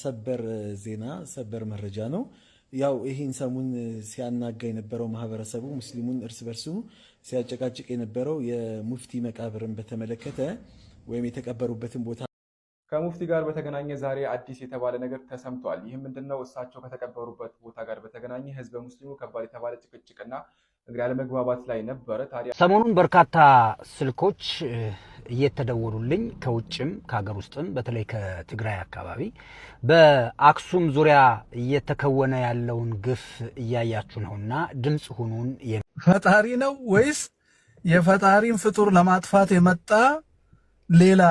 ሰበር ዜና ሰበር መረጃ ነው። ያው ይህን ሰሙን ሲያናጋ የነበረው ማህበረሰቡ ሙስሊሙን እርስ በርሱ ሲያጨቃጭቅ የነበረው የሙፍቲ መቃብርን በተመለከተ ወይም የተቀበሩበትን ቦታ ከሙፍቲ ጋር በተገናኘ ዛሬ አዲስ የተባለ ነገር ተሰምቷል። ይህ ምንድነው? እሳቸው ከተቀበሩበት ቦታ ጋር በተገናኘ ህዝበ ሙስሊሙ ከባድ የተባለ ጭቅጭቅና እንግዲህ አለመግባባት ላይ ነበረ። ታዲያ ሰሞኑን በርካታ ስልኮች እየተደወሉልኝ ከውጭም ከሀገር ውስጥም በተለይ ከትግራይ አካባቢ በአክሱም ዙሪያ እየተከወነ ያለውን ግፍ እያያችሁ ነውና ድምፅ ሁኑን። ፈጣሪ ነው ወይስ የፈጣሪን ፍጡር ለማጥፋት የመጣ ሌላ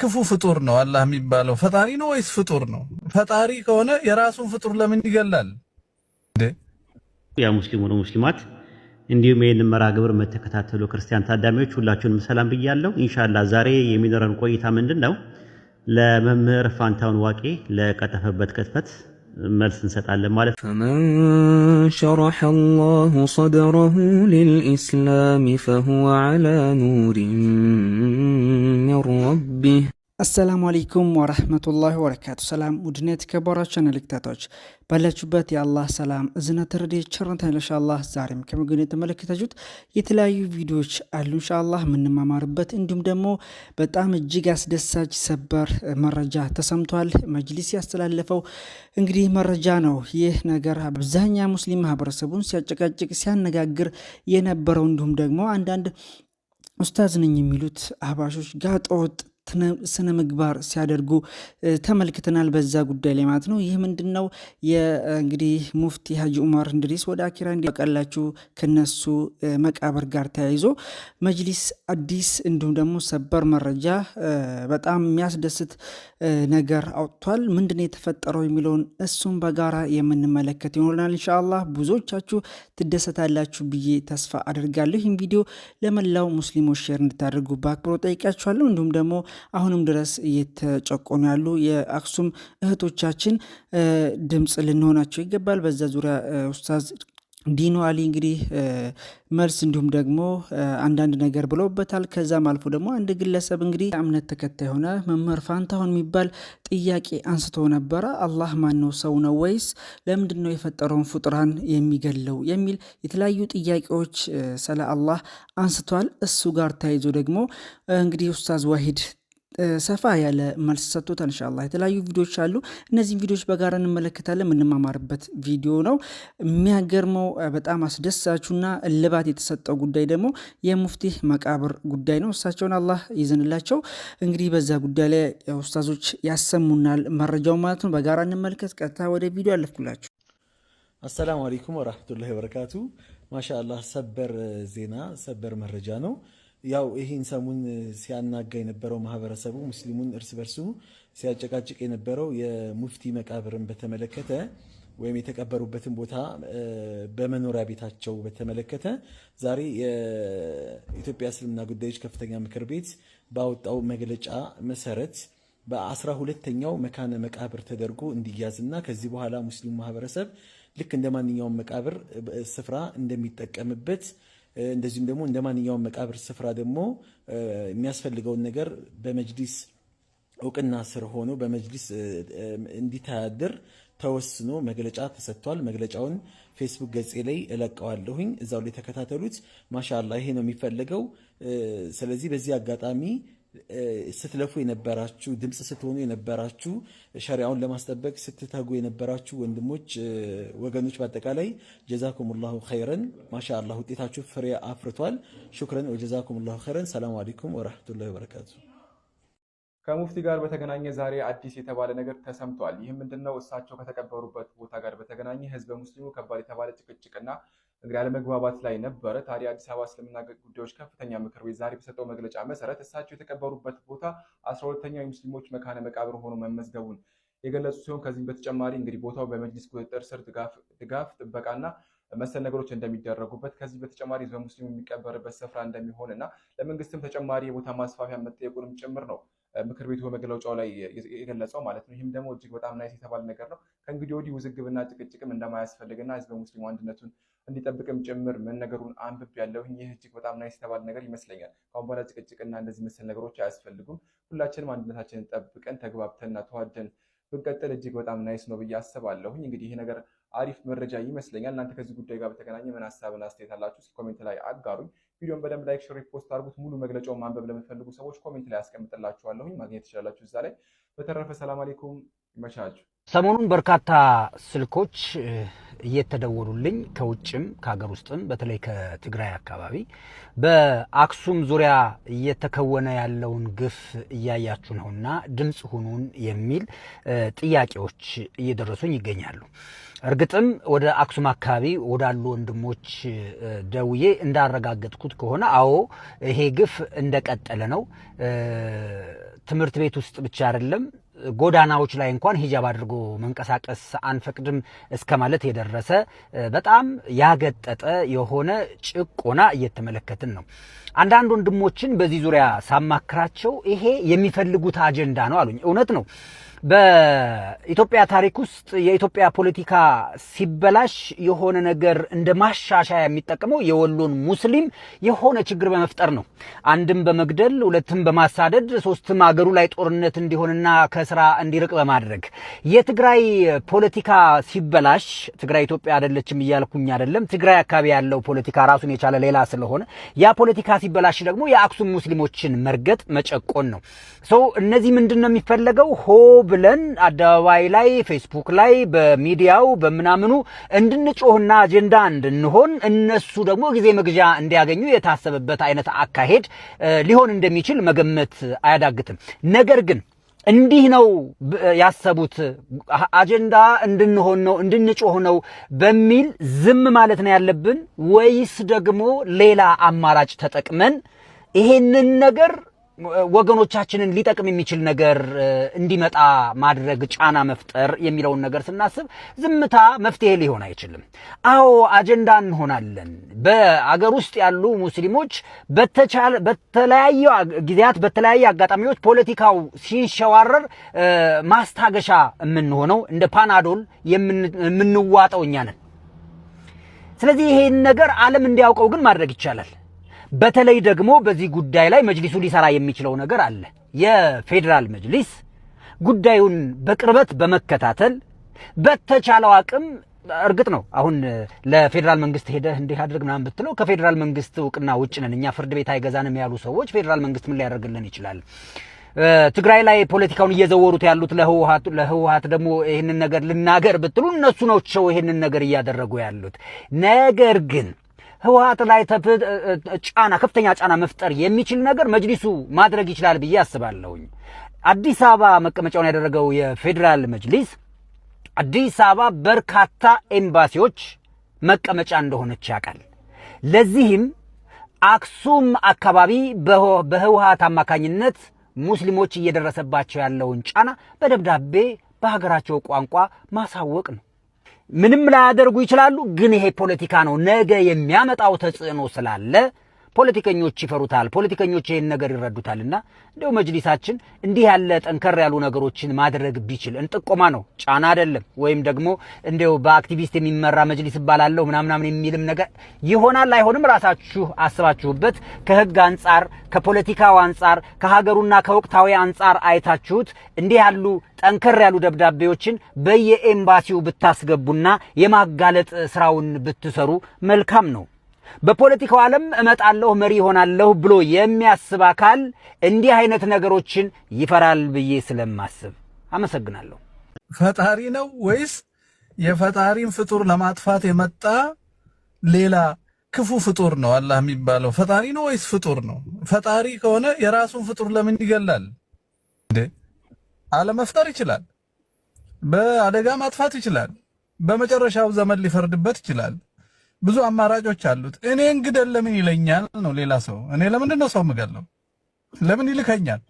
ክፉ ፍጡር ነው? አላህ የሚባለው ፈጣሪ ነው ወይስ ፍጡር ነው? ፈጣሪ ከሆነ የራሱን ፍጡር ለምን ይገላል? ያ ሙስሊም ሙስሊማት እንዲሁም ይህንን መርሃ ግብር የምትከታተሉ ክርስቲያን ታዳሚዎች ሁላችሁንም ሰላም ብያለሁ። ኢንሻላ ዛሬ የሚኖረን ቆይታ ምንድን ነው? ለመምህር ፋንታውን ዋቂ ለቀጠፈበት ቅጥፈት መልስ እንሰጣለን ማለት ነው። ፈመን ሸረሐ አላሁ ሰድረሁ ሊልኢስላሚ ፈሁወ ዐላ ኑሪን ሚን ረቢህ አሰላሙ አለይኩም ወረህመቱላሂ ወበረካቱ። ሰላም ውድና የተከበራችሁ ተመልካቾች ባላችሁበት የአላህ ሰላም እዝነት ረድኤት ቸርነት ኢንሻአላህ ዛሬም ከምግን የተመለከታችሁት የተለያዩ ቪዲዮዎች አሉ ኢንሻአላህ የምንማማርበት እንዲሁም ደግሞ በጣም እጅግ አስደሳች ሰበር መረጃ ተሰምቷል። መጅሊስ ያስተላለፈው እንግዲህ መረጃ ነው። ይህ ነገር አብዛኛ ሙስሊም ማህበረሰቡን ሲያጨቃጭቅ ሲያነጋግር የነበረው እንዲሁም ደግሞ አንዳንድ ኡስታዝ ነኝ የሚሉት አህባሾች ጋጠወጥ ስነ ምግባር ሲያደርጉ ተመልክተናል። በዛ ጉዳይ ላይ ማለት ነው። ይህ ምንድን ነው? እንግዲህ ሙፍቲ ሀጂ ኡማር እንድሪስ ወደ አኪራ እንዲቀላችሁ ከነሱ መቃብር ጋር ተያይዞ መጅሊስ አዲስ እንዲሁም ደግሞ ሰበር መረጃ በጣም የሚያስደስት ነገር አውጥቷል። ምንድን ነው የተፈጠረው የሚለውን እሱም በጋራ የምንመለከት ይሆናል። ኢንሻአላህ ብዙዎቻችሁ ትደሰታላችሁ ብዬ ተስፋ አድርጋለሁ። ይህም ቪዲዮ ለመላው ሙስሊሞች ሼር እንድታደርጉ በአክብሮ ጠይቃችኋለሁ። እንዲሁም ደግሞ አሁንም ድረስ እየተጨቆኑ ያሉ የአክሱም እህቶቻችን ድምፅ ልንሆናቸው ይገባል። በዛ ዙሪያ ኡስታዝ ዲኖ አሊ እንግዲህ መልስ እንዲሁም ደግሞ አንዳንድ ነገር ብለውበታል። ከዛም አልፎ ደግሞ አንድ ግለሰብ እንግዲህ እምነት ተከታይ የሆነ መምህር ፋንታሁን የሚባል ጥያቄ አንስቶ ነበረ። አላህ ነው? ሰው ነው ወይስ ለምንድን ነው የፈጠረውን ፍጡራን የሚገለው? የሚል የተለያዩ ጥያቄዎች ስለ አላህ አንስቷል። እሱ ጋር ተያይዞ ደግሞ እንግዲህ ኡስታዝ ዋሂድ ሰፋ ያለ መልስ ሰጥቶታል። እንሻላ የተለያዩ ቪዲዮዎች አሉ። እነዚህም ቪዲዮዎች በጋራ እንመለከታለን። የምንማማርበት ቪዲዮ ነው። የሚያገርመው በጣም አስደሳቹና እልባት የተሰጠው ጉዳይ ደግሞ የሙፍቲ መቃብር ጉዳይ ነው። እሳቸውን አላህ ይዘንላቸው። እንግዲህ በዛ ጉዳይ ላይ ኡስታዞች ያሰሙናል መረጃው ማለት ነው። በጋራ እንመልከት። ቀጥታ ወደ ቪዲዮ አለፍኩላችሁ። አሰላሙ አለይኩም ወራህመቱላሂ ወበረካቱ። ማሻአላህ ሰበር ዜና ሰበር መረጃ ነው። ያው ይህን ሰሙን ሲያናጋ የነበረው ማህበረሰቡ ሙስሊሙን እርስ በርሱ ሲያጨቃጭቅ የነበረው የሙፍቲ መቃብርን በተመለከተ ወይም የተቀበሩበትን ቦታ በመኖሪያ ቤታቸው በተመለከተ ዛሬ የኢትዮጵያ እስልምና ጉዳዮች ከፍተኛ ምክር ቤት ባወጣው መግለጫ መሰረት በአስራ ሁለተኛው መካነ መቃብር ተደርጎ እንዲያዝና ከዚህ በኋላ ሙስሊሙ ማህበረሰብ ልክ እንደ ማንኛውም መቃብር ስፍራ እንደሚጠቀምበት እንደዚሁም ደግሞ እንደ ማንኛውም መቃብር ስፍራ ደግሞ የሚያስፈልገውን ነገር በመጅሊስ እውቅና ስር ሆኖ በመጅሊስ እንዲተዳደር ተወስኖ መግለጫ ተሰጥቷል። መግለጫውን ፌስቡክ ገጼ ላይ እለቀዋለሁኝ። እዛው ላይ ተከታተሉት። ማሻላ ይሄ ነው የሚፈለገው። ስለዚህ በዚህ አጋጣሚ ስትለፉ የነበራችሁ ድምፅ ስትሆኑ የነበራችሁ ሸሪያውን ለማስጠበቅ ስትተጉ የነበራችሁ ወንድሞች፣ ወገኖች በአጠቃላይ ጀዛኩሙላሁ ኸይረን። ማሻላ ውጤታችሁ ፍሬ አፍርቷል። ሹክረን ላሁ ኸይረን። ሰላሙ አለይኩም ወረህመቱላሂ ወበረካቱ። ከሙፍቲ ጋር በተገናኘ ዛሬ አዲስ የተባለ ነገር ተሰምቷል። ይህ ምንድነው? እሳቸው ከተቀበሩበት ቦታ ጋር በተገናኘ ህዝበ ሙስሊሙ ከባድ የተባለ ጭቅጭቅና እንግዲህ አለመግባባት ላይ ነበረ። ታዲያ አዲስ አበባ እስልምና ጉዳዮች ከፍተኛ ምክር ቤት ዛሬ በሰጠው መግለጫ መሰረት እሳቸው የተቀበሩበት ቦታ አስራ ሁለተኛው የሙስሊሞች መካነ መቃብር ሆኖ መመዝገቡን የገለጹ ሲሆን ከዚህም በተጨማሪ እንግዲህ ቦታው በመጅሊስ ቁጥጥር ስር ድጋፍ፣ ጥበቃና መሰል ነገሮች እንደሚደረጉበት ከዚህ በተጨማሪ ህዝበ ሙስሊሙ የሚቀበርበት ስፍራ እንደሚሆን እና ለመንግስትም ተጨማሪ የቦታ ማስፋፊያ መጠየቁንም ጭምር ነው ምክር ቤቱ በመግለጫው ላይ የገለጸው ማለት ነው። ይህም ደግሞ እጅግ በጣም ናይስ የተባለ ነገር ነው። ከእንግዲህ ወዲህ ውዝግብና ጭቅጭቅም እንደማያስፈልግና ህዝበ ሙስሊሙ አንድነቱን እንዲጠብቅም ጭምር ምን ነገሩን አንብብ ያለውኝ ይህ እጅግ በጣም ናይስ የተባለ ነገር ይመስለኛል። ከአሁን በኋላ ጭቅጭቅና እንደዚህ መሰል ነገሮች አያስፈልጉም። ሁላችንም አንድነታችንን ጠብቀን ተግባብተንና ተዋደን ብንቀጥል እጅግ በጣም ናይስ ነው ብዬ አስባለሁኝ። እንግዲህ ይህ ነገር አሪፍ መረጃ ይመስለኛል። እናንተ ከዚህ ጉዳይ ጋር በተገናኘ ምን ሀሳብና አስተያየት አላችሁ? እስኪ ኮሜንት ላይ አጋሩኝ። ቪዲዮን በደንብ ላይክ፣ ሼር፣ ሪፖስት አድርጉት። ሙሉ መግለጫውን ማንበብ ለምትፈልጉ ሰዎች ኮሜንት ላይ አስቀምጥላችኋለሁኝ ማግኘት ትችላላችሁ እዛ ላይ። በተረፈ ሰላም አሌይኩም ሰሞኑን በርካታ ስልኮች እየተደወሉልኝ ከውጭም ከሀገር ውስጥም በተለይ ከትግራይ አካባቢ በአክሱም ዙሪያ እየተከወነ ያለውን ግፍ እያያችሁ ነውና ድምፅ ሁኑን የሚል ጥያቄዎች እየደረሱኝ ይገኛሉ። እርግጥም ወደ አክሱም አካባቢ ወዳሉ ወንድሞች ደውዬ እንዳረጋገጥኩት ከሆነ አዎ፣ ይሄ ግፍ እንደቀጠለ ነው። ትምህርት ቤት ውስጥ ብቻ አይደለም ጎዳናዎች ላይ እንኳን ሂጃብ አድርጎ መንቀሳቀስ አንፈቅድም እስከ ማለት የደረሰ በጣም ያገጠጠ የሆነ ጭቆና እየተመለከትን ነው። አንዳንድ ወንድሞችን በዚህ ዙሪያ ሳማክራቸው ይሄ የሚፈልጉት አጀንዳ ነው አሉኝ። እውነት ነው። በኢትዮጵያ ታሪክ ውስጥ የኢትዮጵያ ፖለቲካ ሲበላሽ የሆነ ነገር እንደ ማሻሻያ የሚጠቀመው የወሎን ሙስሊም የሆነ ችግር በመፍጠር ነው። አንድም በመግደል ሁለትም በማሳደድ ሶስትም አገሩ ላይ ጦርነት እንዲሆንና ከስራ እንዲርቅ በማድረግ የትግራይ ፖለቲካ ሲበላሽ፣ ትግራይ ኢትዮጵያ አይደለችም እያልኩኝ አይደለም። ትግራይ አካባቢ ያለው ፖለቲካ ራሱን የቻለ ሌላ ስለሆነ ያ ፖለቲካ ሲበላሽ ደግሞ የአክሱም ሙስሊሞችን መርገጥ መጨቆን ነው። እነዚህ ምንድን ነው የሚፈለገው ሆ ብለን አደባባይ ላይ ፌስቡክ ላይ በሚዲያው በምናምኑ እንድንጮህና አጀንዳ እንድንሆን እነሱ ደግሞ ጊዜ መግዣ እንዲያገኙ የታሰበበት አይነት አካሄድ ሊሆን እንደሚችል መገመት አያዳግትም። ነገር ግን እንዲህ ነው ያሰቡት። አጀንዳ እንድንሆን ነው እንድንጮህ ነው በሚል ዝም ማለት ነው ያለብን ወይስ ደግሞ ሌላ አማራጭ ተጠቅመን ይሄንን ነገር ወገኖቻችንን ሊጠቅም የሚችል ነገር እንዲመጣ ማድረግ ጫና መፍጠር የሚለውን ነገር ስናስብ ዝምታ መፍትሄ ሊሆን አይችልም። አዎ አጀንዳ እንሆናለን። በአገር ውስጥ ያሉ ሙስሊሞች በተለያዩ ጊዜያት በተለያየ አጋጣሚዎች ፖለቲካው ሲንሸዋረር ማስታገሻ የምንሆነው እንደ ፓናዶል የምንዋጠው እኛ ነን። ስለዚህ ይሄን ነገር ዓለም እንዲያውቀው ግን ማድረግ ይቻላል። በተለይ ደግሞ በዚህ ጉዳይ ላይ መጅሊሱ ሊሰራ የሚችለው ነገር አለ። የፌዴራል መጅሊስ ጉዳዩን በቅርበት በመከታተል በተቻለው አቅም እርግጥ ነው አሁን ለፌዴራል መንግስት ሄደህ እንዲህ አድርግ ምናምን ብትለው ከፌዴራል መንግስት እውቅና ውጭ ነን እኛ ፍርድ ቤት አይገዛንም ያሉ ሰዎች ፌዴራል መንግስት ምን ሊያደርግልን ይችላል? ትግራይ ላይ ፖለቲካውን እየዘወሩት ያሉት ለህወሀት ደግሞ ይህንን ነገር ልናገር ብትሉ እነሱ ናቸው ይህንን ነገር እያደረጉ ያሉት ነገር ግን ህወሀት ላይ ጫና ከፍተኛ ጫና መፍጠር የሚችል ነገር መጅሊሱ ማድረግ ይችላል ብዬ አስባለሁኝ። አዲስ አበባ መቀመጫውን ያደረገው የፌዴራል መጅሊስ አዲስ አበባ በርካታ ኤምባሲዎች መቀመጫ እንደሆነች ያውቃል። ለዚህም አክሱም አካባቢ በህወሀት አማካኝነት ሙስሊሞች እየደረሰባቸው ያለውን ጫና በደብዳቤ በሀገራቸው ቋንቋ ማሳወቅ ነው። ምንም ላያደርጉ ይችላሉ። ግን ይሄ ፖለቲካ ነው። ነገ የሚያመጣው ተጽዕኖ ስላለ ፖለቲከኞች ይፈሩታል፣ ፖለቲከኞች ይህን ነገር ይረዱታልና እንደው መጅሊሳችን እንዲህ ያለ ጠንከር ያሉ ነገሮችን ማድረግ ቢችል እንጥቆማ ነው፣ ጫና አይደለም። ወይም ደግሞ እንደው በአክቲቪስት የሚመራ መጅሊስ እባላለሁ ምናምናምን የሚልም ነገር ይሆናል አይሆንም፣ ራሳችሁ አስባችሁበት ከህግ አንጻር ከፖለቲካው አንጻር ከሀገሩና ከወቅታዊ አንጻር አይታችሁት እንዲህ ያሉ ጠንከር ያሉ ደብዳቤዎችን በየኤምባሲው ብታስገቡና የማጋለጥ ስራውን ብትሰሩ መልካም ነው። በፖለቲካው ዓለም እመጣለሁ መሪ ይሆናለሁ ብሎ የሚያስብ አካል እንዲህ አይነት ነገሮችን ይፈራል ብዬ ስለማስብ አመሰግናለሁ። ፈጣሪ ነው ወይስ የፈጣሪን ፍጡር ለማጥፋት የመጣ ሌላ ክፉ ፍጡር ነው? አላህ የሚባለው ፈጣሪ ነው ወይስ ፍጡር ነው? ፈጣሪ ከሆነ የራሱን ፍጡር ለምን ይገላል አለመፍጠር ይችላል፣ በአደጋ ማጥፋት ይችላል፣ በመጨረሻው ዘመን ሊፈርድበት ይችላል። ብዙ አማራጮች አሉት። እኔ እንግደል ለምን ይለኛል ነው ሌላ ሰው። እኔ ለምንድን ነው ሰው የምገለው? ለምን ይልከኛል?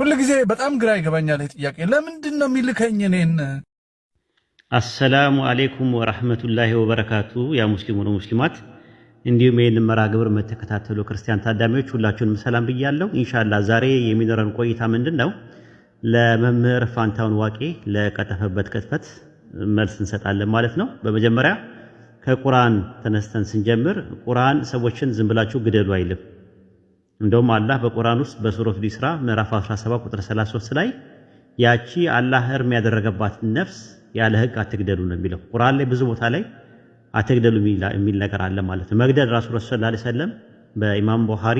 ሁልጊዜ በጣም ግራ ይገባኛል ይህ ጥያቄ። ለምንድን ነው የሚልከኝ እኔን? አሰላሙ አሌይኩም ወራህመቱላሂ ወበረካቱ። ያ ሙስሊሙ ነው ሙስሊማት፣ እንዲሁም ይህን መርሃ ግብር የምትከታተሉ ክርስቲያን ታዳሚዎች ሁላችሁንም ሰላም ብያለሁ። ኢንሻላ ዛሬ የሚኖረን ቆይታ ምንድን ነው? ለመምህር ፋንታውን ዋቄ ለቀጠፈበት ቅጥፈት መልስ እንሰጣለን ማለት ነው። በመጀመሪያ ከቁርአን ተነስተን ስንጀምር ቁርአን ሰዎችን ዝም ብላችሁ ግደሉ አይልም። እንደውም አላህ በቁርአን ውስጥ በሱረቱ ኢስራ ምዕራፍ 17 ቁጥር 33 ላይ ያቺ አላህ እርም ያደረገባት ነፍስ ያለ ህግ አትግደሉ ነው የሚለው። ቁርአን ላይ ብዙ ቦታ ላይ አትግደሉ የሚል ነገር አለ ማለት ነው። መግደል ራሱ ረሱል ሰለላሁ ዐለይሂ ወሰለም በኢማም ቡኻሪ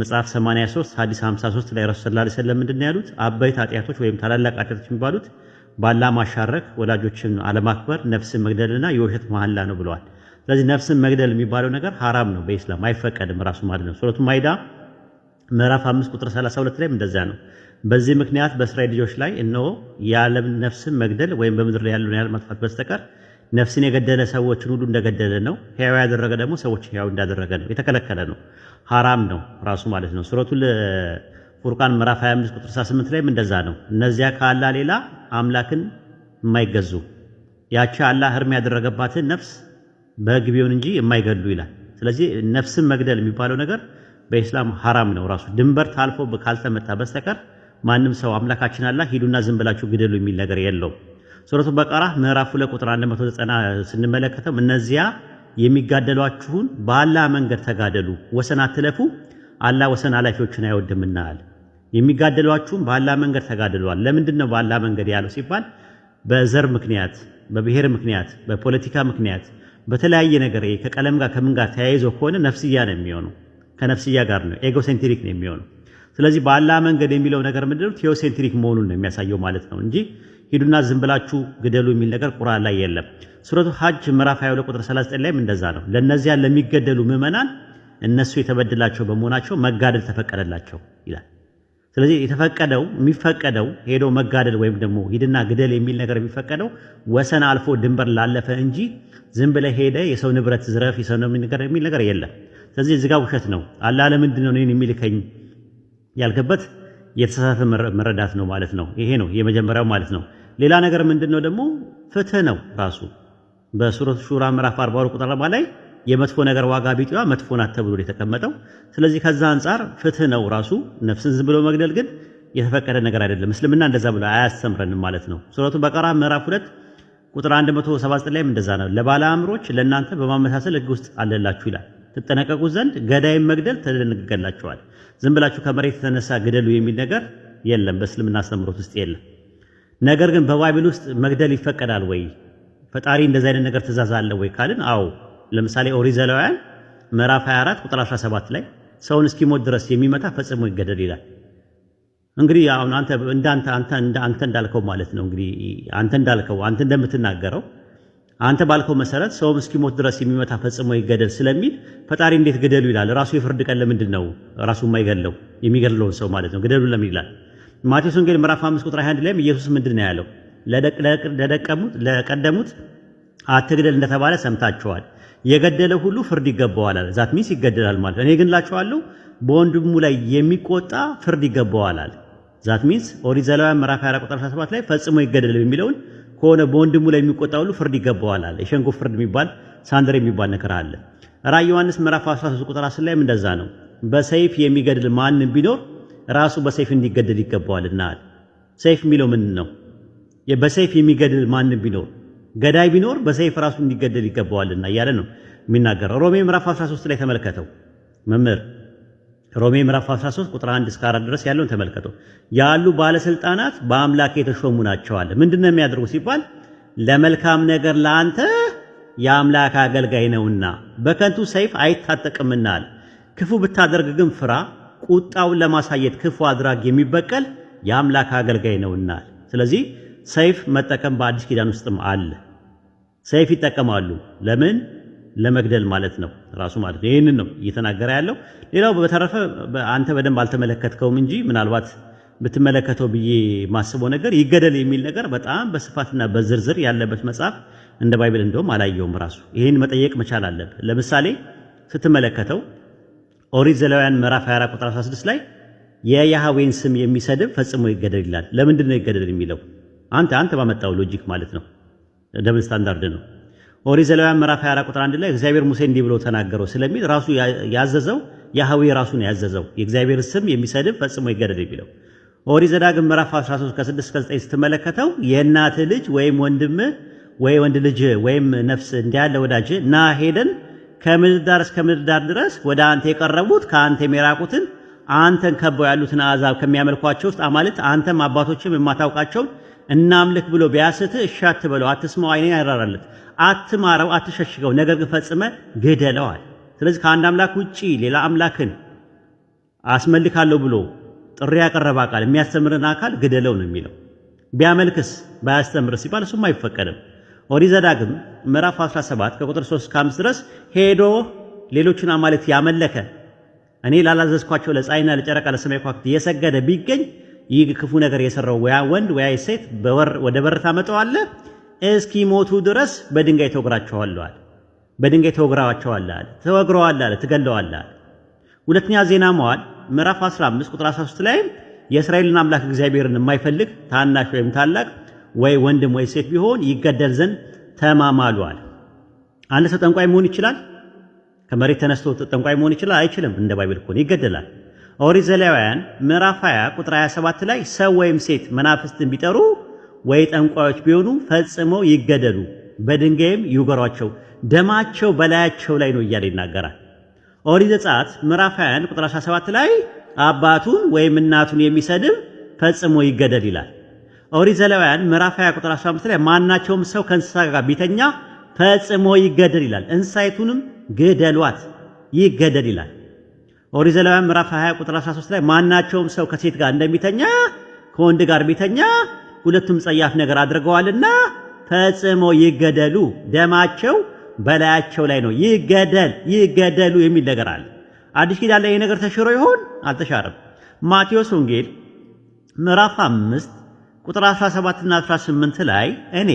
መጽሐፍ 83 ሐዲስ 53 ላይ ረሱል ሰለላሁ ዐለይሂ ወሰለም ምንድነው ያሉት? አበይት ኃጢአቶች ወይም ታላላቅ ኃጢአቶች የሚባሉት ባላ ማሻረክ፣ ወላጆችን አለማክበር፣ ነፍስን መግደልና የውሸት መሐላ ነው ብለዋል። ስለዚህ ነፍስን መግደል የሚባለው ነገር ሐራም ነው በኢስላም አይፈቀድም ራሱ ማለት ነው። ሱረቱ ማይዳ ምዕራፍ 5 ቁጥር 32 ላይ እንደዛ ነው። በዚህ ምክንያት በእስራኤል ልጆች ላይ እነሆ የዓለም ነፍስን መግደል ወይም በምድር ላይ ያለውን ያህል ማጥፋት በስተቀር ነፍስን የገደለ ሰዎችን ሁሉ እንደገደለ ነው፣ ሕያው ያደረገ ደግሞ ሰዎች ሕያው እንዳደረገ ነው። የተከለከለ ነው፣ ሐራም ነው ራሱ ማለት ነው። ሱረቱ ፉርቃን ምዕራፍ 25 ቁጥር 68 ላይም እንደዛ ነው። እነዚያ ከአላህ ሌላ አምላክን የማይገዙ ያቺ አላህ ህርም ያደረገባትን ነፍስ በህግ ቢሆን እንጂ የማይገሉ ይላል። ስለዚህ ነፍስን መግደል የሚባለው ነገር በኢስላም ሐራም ነው። ራሱ ድንበር ታልፎ ካልተመጣ በስተቀር ማንም ሰው አምላካችን አላህ ሂዱና ዝም ብላችሁ ግደሉ የሚል ነገር የለውም። ሱረቱ በቀራ ምዕራፍ 2 ቁጥር 190 ስንመለከተው እነዚያ የሚጋደሏችሁን በአላ መንገድ ተጋደሉ፣ ወሰን አትለፉ፣ አላህ ወሰን አላፊዎችን አይወድምና አለ። የሚጋደሏችሁም በአላህ መንገድ ተጋድሏል ለምንድን ነው በአላህ መንገድ ያለው ሲባል በዘር ምክንያት፣ በብሔር ምክንያት፣ በፖለቲካ ምክንያት፣ በተለያየ ነገር ከቀለም ጋር ከምን ጋር ተያይዞ ከሆነ ነፍስያ ነው የሚሆነው። ከነፍስያ ጋር ነው ኤጎሴንትሪክ ነው የሚሆነው። ስለዚህ ባላ መንገድ የሚለው ነገር ምንድነው? ቴዎሴንትሪክ መሆኑን ነው የሚያሳየው ማለት ነው እንጂ ሂዱና ዝም ብላችሁ ግደሉ የሚል ነገር ቁርአን ላይ የለም። ሱረቱ ሀጅ ምዕራፍ 22 ቁጥር 39 ላይም እንደዛ ነው። ለእነዚያ ለሚገደሉ ምዕመናን እነሱ የተበደላቸው በመሆናቸው መጋደል ተፈቀደላቸው ይላል። ስለዚህ የተፈቀደው የሚፈቀደው ሄዶ መጋደል ወይም ደግሞ ሂድና ግደል የሚል ነገር የሚፈቀደው ወሰን አልፎ ድንበር ላለፈ እንጂ ዝም ብለህ ሄደ የሰው ንብረት ዝረፍ የሰው ነገር የሚል ነገር የለም። ስለዚህ እዚህ ውሸት ነው። አላህ ለምንድን ነው እኔን የሚልከኝ ያልክበት የተሳሳተ መረዳት ነው ማለት ነው። ይሄ ነው የመጀመሪያው ማለት ነው። ሌላ ነገር ምንድን ነው ደግሞ ፍትህ ነው ራሱ በሱረት ሹራ ምዕራፍ 40 ቁጥር ላይ የመጥፎ ነገር ዋጋ ቢጤዋ መጥፎ ናት ተብሎ የተቀመጠው። ስለዚህ ከዛ አንጻር ፍትህ ነው ራሱ። ነፍስን ዝም ብሎ መግደል ግን የተፈቀደ ነገር አይደለም። እስልምና እንደዛ ብሎ አያስተምረንም ማለት ነው። ሱረቱ በቀራ ምዕራፍ 2 ቁጥር 179 ላይም እንደዛ ነው። ለባለ አእምሮች ለእናንተ በማመሳሰል ህግ ውስጥ አለላችሁ ይላል። ትጠነቀቁት ዘንድ ገዳይም መግደል ተደነግገላችኋል። ዝም ብላችሁ ከመሬት የተነሳ ግደሉ የሚል ነገር የለም፣ በእስልምና አስተምሮት ውስጥ የለም። ነገር ግን በባይብል ውስጥ መግደል ይፈቀዳል ወይ? ፈጣሪ እንደዚ አይነት ነገር ትእዛዝ አለ ወይ ካልን አዎ ለምሳሌ ኦሪት ዘሌዋውያን ምዕራፍ 24 ቁጥር 17 ላይ ሰውን እስኪሞት ድረስ የሚመታ ፈጽሞ ይገደል ይላል። እንግዲህ አሁን አንተ እንዳንተ አንተ አንተ እንዳልከው ማለት ነው። እንግዲህ አንተ እንዳልከው አንተ እንደምትናገረው አንተ ባልከው መሰረት ሰውም እስኪሞት ድረስ የሚመታ ፈጽሞ ይገደል ስለሚል ፈጣሪ እንዴት ግደሉ ይላል? ራሱ የፍርድ ቀን ለምንድን ነው ራሱ የማይገድለው የሚገድለውን ሰው ማለት ነው ግደሉ ለምን ይላል? ማቴዎስ ወንጌል ምዕራፍ 5 ቁጥር 21 ላይም ኢየሱስ ምንድን ነው ያለው? ለደቀሙት ለቀደሙት አትግደል እንደተባለ ሰምታችኋል የገደለ ሁሉ ፍርድ ይገባዋል አለ። ዛት ሚስ ይገደላል ማለት እኔ ግን ላችኋለሁ በወንድሙ ላይ የሚቆጣ ፍርድ ይገባዋል። አለ። ዛት ሚስ ኦሪት ዘሌዋውያን ምዕራፍ 24 ቁጥር 17 ላይ ፈጽሞ ይገደል የሚለውን ከሆነ በወንድሙ ላይ የሚቆጣ ሁሉ ፍርድ ይገባዋል አለ። የሸንጎ ፍርድ የሚባል ሳንደር የሚባል ነገር አለ። ራዕይ ዮሐንስ ምዕራፍ 13 ቁጥር 10 ላይም እንደዛ ነው። በሰይፍ የሚገድል ማንም ቢኖር ራሱ በሰይፍ እንዲገደል ይገባዋልና አለ። ሰይፍ የሚለው ምን ነው? በሰይፍ የሚገድል ማንም ቢኖር ገዳይ ቢኖር በሰይፍ ራሱ እንዲገደል ይገባዋልና እያለ ነው የሚናገረው። ሮሜ ምዕራፍ 13 ላይ ተመልከተው መምህር ሮሜ ምዕራፍ 13 ቁጥር 1 እስከ 4 ድረስ ያለውን ተመልከተው። ያሉ ባለስልጣናት በአምላክ የተሾሙ ናቸው አለ። ምንድነው የሚያደርጉ ሲባል ለመልካም ነገር ለአንተ የአምላክ አገልጋይ ነውና በከንቱ ሰይፍ አይታጠቅምና አለ። ክፉ ብታደርግ ግን ፍራ፣ ቁጣውን ለማሳየት ክፉ አድራጊ የሚበቀል የአምላክ አገልጋይ ነውና አለ። ስለዚህ ሰይፍ መጠቀም በአዲስ ኪዳን ውስጥም አለ። ሰይፍ ይጠቀማሉ። ለምን? ለመግደል ማለት ነው ራሱ ማለት ነው። ይህንን ነው እየተናገረ ያለው። ሌላው በተረፈ አንተ በደንብ አልተመለከትከውም እንጂ ምናልባት ብትመለከተው ብዬ ማስበው ነገር ይገደል የሚል ነገር በጣም በስፋትና በዝርዝር ያለበት መጽሐፍ እንደ ባይብል እንደውም አላየውም። ራሱ ይህን መጠየቅ መቻል አለብህ። ለምሳሌ ስትመለከተው ኦሪት ዘሌዋውያን ምዕራፍ 24 ቁጥር 16 ላይ የያህዌን ስም የሚሰድብ ፈጽሞ ይገደል ይላል። ለምንድን ነው ይገደል የሚለው? አንተ አንተ ባመጣው ሎጂክ ማለት ነው። ደብል ስታንዳርድ ነው። ኦሪት ዘሌዋውያን ምዕራፍ 24 ቁጥር 1 ላይ እግዚአብሔር ሙሴ እንዲህ ብሎ ተናገረው ስለሚል ራሱ ያዘዘው ያህዌ ራሱን ያዘዘው። የእግዚአብሔር ስም የሚሰድብ ፈጽሞ ይገደል የሚለው ኦሪት ዘዳግም ምዕራፍ 13 ከ6 እስከ 9 ስትመለከተው የእናት ልጅ ወይም ወንድም ወይ ወንድ ልጅ ወይም ነፍስ እንዲያለ ወዳጅ ና ሄደን ከምድር ዳር እስከ ምድር ዳር ድረስ ወደ አንተ የቀረቡት ከአንተ የሚራቁትን አንተን ከበው ያሉትን አዛብ ከሚያመልኳቸው ውስጥ አማልክት አንተም አባቶችም የማታውቃቸውን እናምልክ ብሎ ቢያስትህ እሺ አትበለው፣ አትስማው፣ አይኔ ያራራለት፣ አትማረው፣ አትሸሽገው፣ ነገር ግን ፈጽመ ግደለዋል። ስለዚህ ከአንድ አምላክ ውጪ ሌላ አምላክን አስመልካለሁ ብሎ ጥሪ ያቀረበ አካል የሚያስተምርን አካል ግደለው ነው የሚለው። ቢያመልክስ ባያስተምር ሲባል እሱም አይፈቀድም። ኦሪት ዘዳግም ምዕራፍ 17 ከቁጥር 3 እስከ 5 ድረስ ሄዶ ሌሎችን አማልክት ያመለከ እኔ ላላዘዝኳቸው ለፀሐይና ለጨረቃ ለሰማይ ኳክት የሰገደ ቢገኝ ይህ ክፉ ነገር የሰራው ወያ ወንድ ወያ ሴት ወደ በር ታመጣዋለህ፣ እስኪ ሞቱ ድረስ በድንጋይ ተወግራቸዋለዋል። በድንጋይ ተወግራቸዋለዋል፣ ተወግረዋል፣ ትገለዋለህ። ሁለተኛ ዜና መዋዕል ምዕራፍ 15 ቁጥር 13 ላይ የእስራኤልን አምላክ እግዚአብሔርን የማይፈልግ ታናሽ ወይም ታላቅ ወይ ወንድም ወይ ሴት ቢሆን ይገደል ዘንድ ተማማሏል። አንድ ሰው ጠንቋይ መሆን ይችላል። ከመሬት ተነስቶ ጠንቋይ መሆን ይችላል? አይችልም። እንደ ባይብል ከሆነ ይገደላል። ኦሪት ዘሌዋውያን ምዕራፍ 20 ቁጥር 27 ላይ ሰው ወይም ሴት መናፍስትን ቢጠሩ ወይ ጠንቋዮች ቢሆኑ ፈጽመው ይገደሉ፣ በድንጋይም ይውገሯቸው፣ ደማቸው በላያቸው ላይ ነው እያለ ይናገራል። ኦሪት ዘጸአት ምዕራፍ 21 ቁጥር 17 ላይ አባቱን ወይም እናቱን የሚሰድብ ፈጽሞ ይገደል ይላል። ኦሪት ዘሌዋውያን ምዕራፍ 20 ቁጥር 15 ላይ ማናቸውም ሰው ከእንስሳ ጋር ቢተኛ ፈጽሞ ይገደል ይላል። እንስሳይቱንም ግደሏት ይገደል ይላል። ኦሪት ዘሌዋውያን ምዕራፍ 20 ቁጥር 13 ላይ ማናቸውም ሰው ከሴት ጋር እንደሚተኛ ከወንድ ጋር ቢተኛ ሁለቱም ጸያፍ ነገር አድርገዋልና ፈጽሞ ይገደሉ፣ ደማቸው በላያቸው ላይ ነው፣ ይገደል ይገደሉ የሚል ነገር አለ። አዲስ ኪዳን ላይ ይህ ነገር ተሽሮ ይሆን? አልተሻረም። ማቴዎስ ወንጌል ምዕራፍ 5 ቁጥር 17 እና 18 ላይ እኔ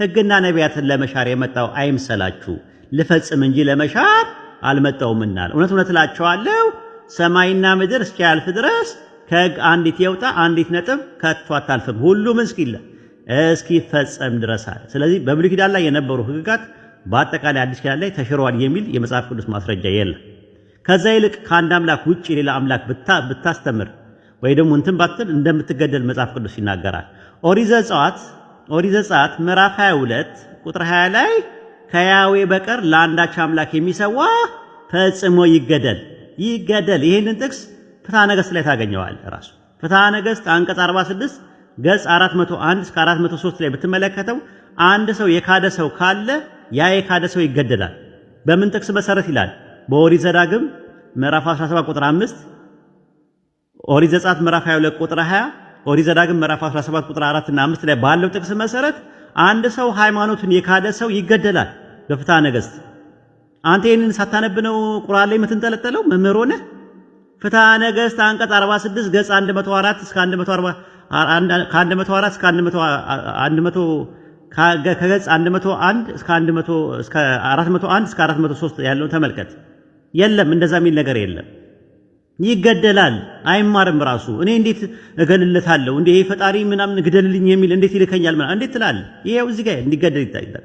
ሕግና ነቢያትን ለመሻር የመጣው አይምሰላችሁ ልፈጽም እንጂ ለመሻር አልመጣሁምና እውነት እውነት እላቸዋለሁ ሰማይና ምድር እስኪያልፍ ድረስ ከሕግ አንዲት የውጣ አንዲት ነጥብ ከቶ አታልፍም፣ ሁሉም እስኪለ እስኪፈጸም ድረስ አለ። ስለዚህ በብሉይ ኪዳን ላይ የነበሩ ሕግጋት በአጠቃላይ አዲስ ኪዳን ላይ ተሽረዋል የሚል የመጽሐፍ ቅዱስ ማስረጃ የለም። ከዛ ይልቅ ከአንድ አምላክ ውጭ ሌላ አምላክ ብታስተምር ወይ ደግሞ እንትን ባትል እንደምትገደል መጽሐፍ ቅዱስ ይናገራል። ኦሪት ዘጸአት ኦሪት ዘጸአት ምዕራፍ 22 ቁጥር 20 ላይ ከያዌ በቀር ለአንዳች አምላክ የሚሰዋ ፈጽሞ ይገደል ይገደል። ይህንን ጥቅስ ፍትሐ ነገሥት ላይ ታገኘዋል። ራሱ ፍትሐ ነገሥት አንቀጽ 46 ገጽ 401 እስከ 403 ላይ ብትመለከተው አንድ ሰው የካደ ሰው ካለ ያ የካደ ሰው ይገደላል። በምን ጥቅስ መሰረት ይላል? በኦሪት ዘዳግም ምዕራፍ 17 ቁጥር 5፣ ኦሪት ዘጸአት ምዕራፍ 22 ቁጥር 20፣ ኦሪት ዘዳግም ምዕራፍ 17 ቁጥር 4 እና 5 ላይ ባለው ጥቅስ መሰረት አንድ ሰው ሃይማኖቱን የካደ ሰው ይገደላል በፍትሐ ነገሥት። አንተ ይህንን ሳታነብ ነው ቁርአን ላይ የምትንጠለጠለው? መምህር ሆነ? ፍትሐ ነገሥት አንቀጽ 46 ገጽ 104 እስከ 140 ከ104 እስከ 100 ከገጽ 101 እስከ 100 እስከ 401 እስከ 403 ያለውን ተመልከት። የለም እንደዛ የሚል ነገር የለም። ይገደላል፣ አይማርም ራሱ። እኔ እንዴት እገልለታለሁ? እንዴ ይሄ ፈጣሪ ምናምን ግደልልኝ የሚል እንዴት ይልከኛል? ምናምን እንዴት ትላል? ይሄው እዚህ ጋር እንዲገደል ይታይታል።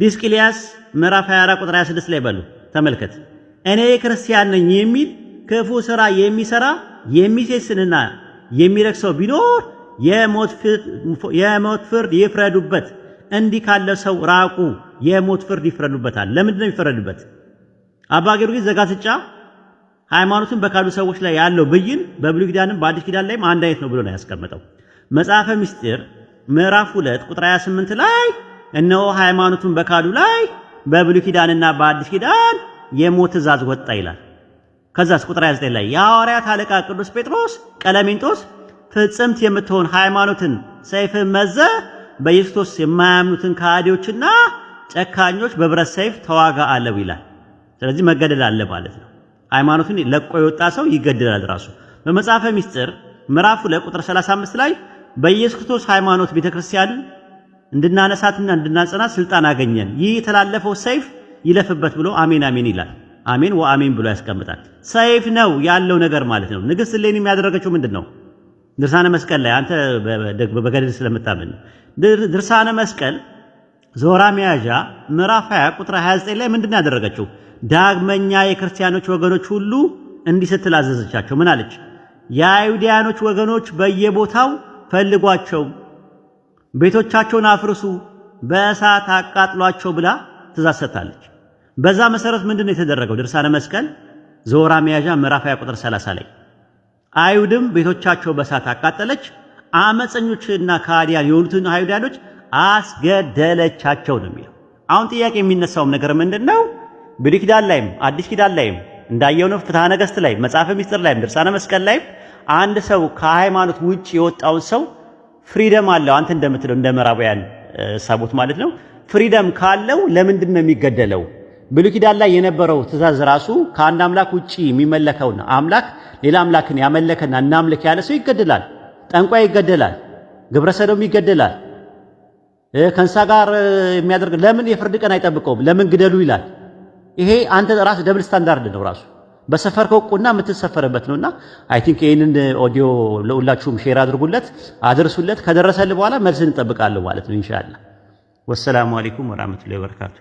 ዲስቅልያስ ምዕራፍ 24 ቁጥር 26 ላይ በሉ ተመልከት። እኔ ክርስቲያን ነኝ የሚል ክፉ ስራ የሚሰራ የሚሴስንና የሚረክሰው ቢኖር የሞት ፍርድ ይፍረዱበት። እንዲህ ካለ ሰው ራቁ፣ የሞት ፍርድ ይፍረዱበታል። ለምንድን ነው የሚፈረድበት? አባ ጊዮርጊስ ዘጋስጫ ሃይማኖቱን በካዱ ሰዎች ላይ ያለው ብይን በብሉይ ኪዳንም በአዲስ ኪዳን ላይም አንድ አይነት ነው ብሎ ነው ያስቀመጠው። መጽሐፈ ምስጢር ምዕራፍ 2 ቁጥር 28 ላይ እነሆ ሃይማኖቱን በካዱ ላይ በብሉይ ኪዳንና በአዲስ ኪዳን የሞት ትእዛዝ ወጣ ይላል። ከዛስ ቁጥር 29 ላይ የሐዋርያት አለቃ ቅዱስ ጴጥሮስ ቀለሜንጦስ ፍጽምት የምትሆን ሃይማኖትን ሰይፍ መዘ በኢየሱስ የማያምኑትን ከሃዲዎችና ጨካኞች በብረት ሰይፍ ተዋጋ አለው ይላል። ስለዚህ መገደል አለ ማለት ነው። ሃይማኖቱን ለቆ የወጣ ሰው ይገደላል ራሱ። በመጽሐፈ ምስጢር ምዕራፉ ለቁጥር 35 ላይ በኢየሱስ ክርስቶስ ሃይማኖት ቤተክርስቲያን እንድናነሳትና እንድናጸና ስልጣን አገኘን፣ ይህ የተላለፈው ሰይፍ ይለፍበት ብሎ አሜን አሜን ይላል። አሜን ወአሜን ብሎ ያስቀምጣል። ሰይፍ ነው ያለው ነገር ማለት ነው። ንግሥት እሌኒ የሚያደረገችው ምንድን ነው? ድርሳነ መስቀል ላይ አንተ በገድል ስለምታምን ድርሳነ መስቀል ዞራ መያዣ ምዕራፍ 20 ቁጥር 29 ላይ ምንድን ነው ያደረገችው? ዳግመኛ የክርስቲያኖች ወገኖች ሁሉ እንዲህ ስትል አዘዘቻቸው። ምን አለች? የአይሁዳያኖች ወገኖች በየቦታው ፈልጓቸው፣ ቤቶቻቸውን አፍርሱ፣ በእሳት አቃጥሏቸው ብላ ትእዛዝ ሰጥታለች። በዛ መሰረት ምንድን ነው የተደረገው? ድርሳነ መስቀል ዘወራ መያዣ ምዕራፍ 20 ቁጥር 30 ላይ አይሁድም ቤቶቻቸው በእሳት አቃጠለች፣ አመፀኞችና ከሃዲያን የሆኑትን አይሁዳያኖች አስገደለቻቸው ነው የሚለው። አሁን ጥያቄ የሚነሳውም ነገር ምንድን ነው? ብሉይ ኪዳን ላይም አዲስ ኪዳን ላይም ነው። ፍትሐ ነገሥት ላይ መጽሐፈ ሚስጥር ላይም ድርሳነ መስቀል ላይም አንድ ሰው ከሃይማኖት ውጭ የወጣውን ሰው ፍሪደም አለው። አንተ እንደምትለው እንደ ምዕራባውያን ሳቦት ማለት ነው። ፍሪደም ካለው ለምንድን ነው የሚገደለው? ብሉይ ኪዳን ላይ የነበረው ትእዛዝ ራሱ ከአንድ አምላክ ውጪ የሚመለከውን አምላክ ሌላ አምላክን ያመለከና እናምልክ ያለ ሰው ይገደላል። ጠንቋይ ይገደላል። ግብረ ሰዶም ይገደላል። ከእንስሳ ጋር የሚያደርግ ለምን የፍርድ ቀን አይጠብቀውም? ለምን ግደሉ ይላል? ይሄ አንተ ራስ ደብል ስታንዳርድ ነው ራሱ በሰፈርከው ቁና የምትሰፈርበት ነውና፣ አይ ቲንክ ይህንን ኦዲዮ ለሁላችሁም ሼር አድርጉለት፣ አድርሱለት። ከደረሰልህ በኋላ መልስ እንጠብቃለሁ ማለት ነው ኢንሻአላህ። ወሰላሙ አለይኩም ወራህመቱላሂ ወበረካቱ።